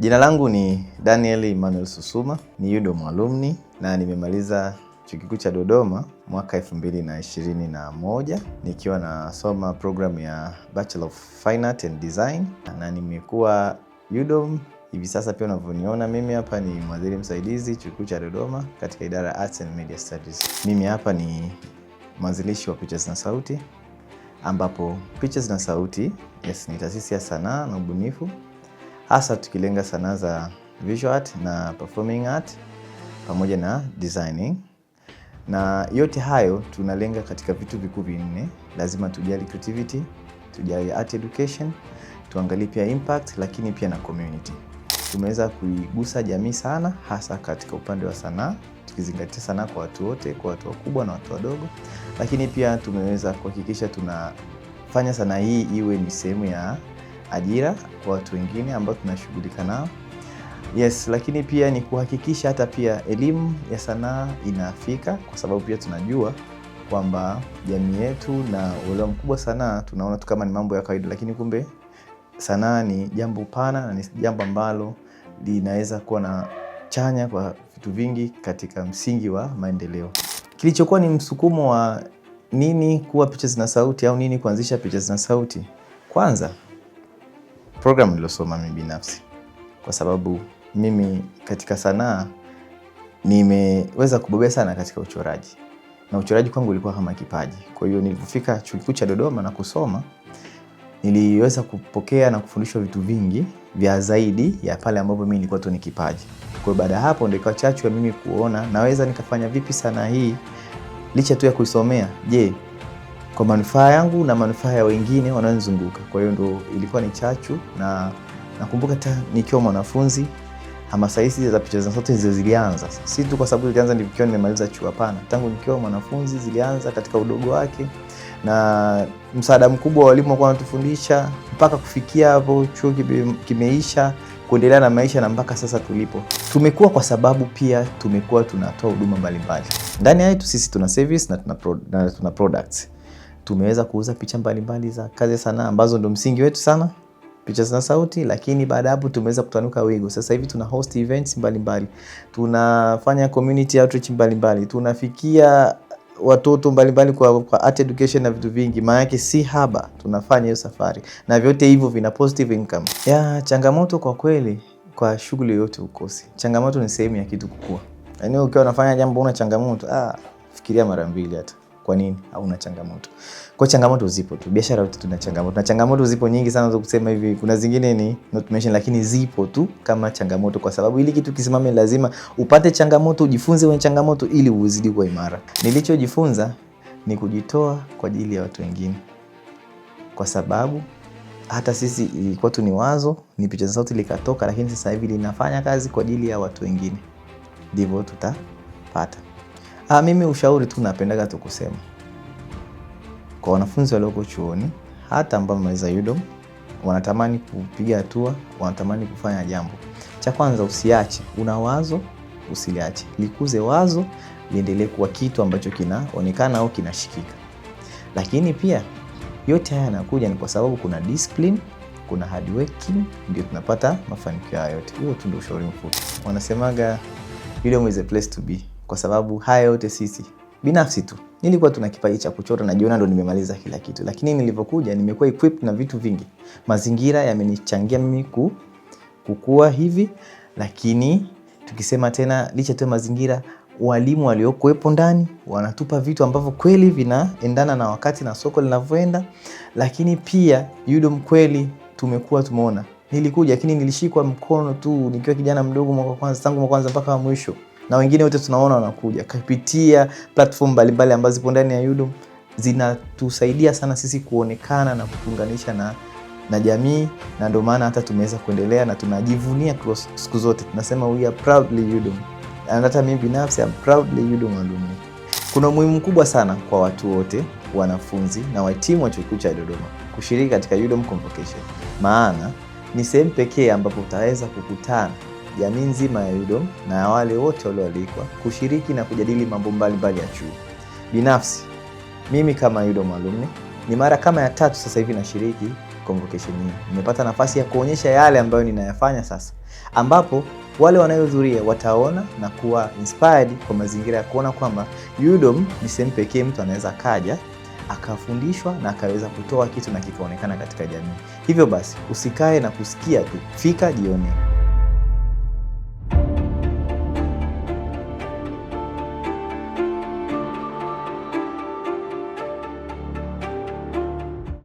Jina langu ni Daniel Emmanuel Susuma, ni UDOM alumni na nimemaliza chuo kikuu cha Dodoma mwaka 2021 nikiwa nasoma programu ya Bachelor of Fine Art and Design na nimekuwa UDOM hivi sasa. Pia unavyoniona mimi hapa ni mwadhiri msaidizi chuo kikuu cha Dodoma katika idara ya Arts and Media Studies. Mimi hapa ni mwanzilishi wa Picha na Sauti, ambapo Picha na Sauti yes, ni taasisi ya sanaa na ubunifu hasa tukilenga sanaa za visual art na performing art pamoja na designing, na yote hayo tunalenga katika vitu vikuu vinne. Lazima tujali creativity, tujali art education, tuangalie pia impact, lakini pia na community. Tumeweza kuigusa jamii sana, hasa katika upande wa sanaa tukizingatia sanaa kwa watu wote, kwa watu wakubwa na watu wadogo, lakini pia tumeweza kuhakikisha tunafanya sanaa hii iwe ni sehemu ya ajira kwa watu wengine ambao tunashughulika nao. Yes, lakini pia ni kuhakikisha hata pia elimu ya sanaa inafika, kwa sababu pia tunajua kwamba jamii yetu na uelewa mkubwa sanaa tunaona tu kama ni mambo ya kawaida, lakini kumbe sanaa ni jambo pana na ni jambo ambalo linaweza kuwa na chanya kwa vitu vingi katika msingi wa maendeleo. Kilichokuwa ni msukumo wa nini kuwa Picha Zina Sauti au nini kuanzisha Picha Zina Sauti, kwanza programu nilosoma mimi binafsi, kwa sababu mimi katika sanaa nimeweza kubobea sana katika uchoraji na uchoraji kwangu ulikuwa kama kipaji. Kwa hiyo nilipofika chuo kikuu cha Dodoma na kusoma, niliweza kupokea na kufundishwa vitu vingi vya zaidi ya pale ambapo mimi nilikuwa tu ni kipaji. Kwa hiyo baada ya hapo ndio ikawa chachu ya mimi kuona naweza nikafanya vipi sanaa hii licha tu ya kuisomea. Je, kwa manufaa yangu na manufaa ya wengine wanaonizunguka. Kwa hiyo ndo ilikuwa ni chachu, na nakumbuka hata nikiwa mwanafunzi hamasa hizi za picha za watoto hizo zilianza, si tu kwa sababu zilianza nikiwa nimemaliza chuo. Hapana, tangu nikiwa mwanafunzi zilianza katika udogo wake, na msaada mkubwa wa walimu walikuwa wanatufundisha mpaka kufikia hapo chuo kimeisha, kuendelea na maisha na mpaka sasa tulipo. Tumekuwa kwa sababu pia tumekuwa tunatoa huduma mbalimbali ndani yetu, sisi tuna service na tuna, pro, na tuna products tumeweza kuuza picha mbalimbali za kazi sana ambazo ndo msingi wetu sana picha zina sauti, lakini baada hapo tumeweza kutanuka wigo. Sasa hivi tuna host events mbalimbali mbali. tunafanya community outreach mbalimbali mbali. tunafikia watoto mbalimbali mbali kwa, kwa art education na vitu vingi, maana yake si haba, tunafanya hiyo safari na vyote hivyo vina positive income. Ya, changamoto kwa kweli kwa shughuli yoyote ukosi, changamoto ni sehemu ya kitu kukua. Yaani ukiwa unafanya jambo una changamoto, ah, fikiria mara mbili hata kwa nini hauna changamoto? Kwa changamoto zipo tu, biashara yote tuna changamoto, na changamoto zipo nyingi sana za kusema hivi. Kuna zingine ni not mention, lakini zipo tu kama changamoto, kwa sababu ili kitu kisimame, lazima upate changamoto, ujifunze kwenye changamoto ili uzidi kuwa imara. Nilichojifunza ni kujitoa kwa ajili ya watu wengine, kwa sababu hata sisi ilikuwa tu ni wazo, ni picha za sauti likatoka, lakini sasa hivi linafanya kazi kwa ajili ya watu wengine, ndivyo tutapata Ha, ah, mimi ushauri tu napendaga tu kusema kwa wanafunzi walioko chuoni hata ambao wamemaliza UDOM wanatamani kupiga hatua, wanatamani kufanya jambo. Cha kwanza usiache, una wazo usiliache, likuze wazo liendelee kuwa kitu ambacho kinaonekana au kinashikika. Lakini pia yote haya yanakuja ni kwa sababu kuna discipline, kuna hard working, ndio tunapata mafanikio haya yote. Huo tu ndio ushauri mfupi. Wanasemaga UDOM is a place to be kwa sababu haya yote sisi binafsi tu nilikuwa tuna kipaji cha kuchora, najiona ndo nimemaliza kila kitu, lakini nilivyokuja nimekuwa equipped na vitu vingi. Mazingira yamenichangia mimi ku, kukua hivi, lakini tukisema tena, licha tu mazingira, walimu waliokuwepo ndani wanatupa vitu ambavyo kweli vinaendana na wakati na soko linavyoenda, lakini pia UDOM kweli tumekuwa tumeona. Nilikuja lakini nilishikwa mkono tu nikiwa kijana mdogo, mwaka kwanza, tangu mwaka kwanza mpaka mwisho na wengine wote tunaona wanakuja kupitia platform mbalimbali ambazo zipo ndani ya Udom, zinatusaidia sana sisi kuonekana na kutuunganisha na na jamii, na ndio maana hata tumeweza kuendelea na tunajivunia siku zote, tunasema we are proudly Udom. Hata mimi binafsi am proudly Udom alumni. Kuna umuhimu mkubwa sana kwa watu wote, wanafunzi na wahitimu wa Chuo Kikuu cha Dodoma kushiriki katika Udom Convocation, maana ni sehemu pekee ambapo utaweza kukutana jamii nzima ya UDOM na wale wote walioalikwa kushiriki na kujadili mambo mbalimbali ya chuo. Binafsi mimi kama UDOM alumni ni mara kama ya tatu sasa hivi nashiriki convocation hii. Nimepata nafasi ya kuonyesha yale ambayo ninayafanya sasa, ambapo wale wanayohudhuria wataona na kuwa inspired kwa mazingira ya kuona kwamba UDOM ni sehemu pekee mtu anaweza kaja akafundishwa na akaweza kutoa kitu na kikaonekana katika jamii. Hivyo basi usikae na kusikia tu, fika jionee.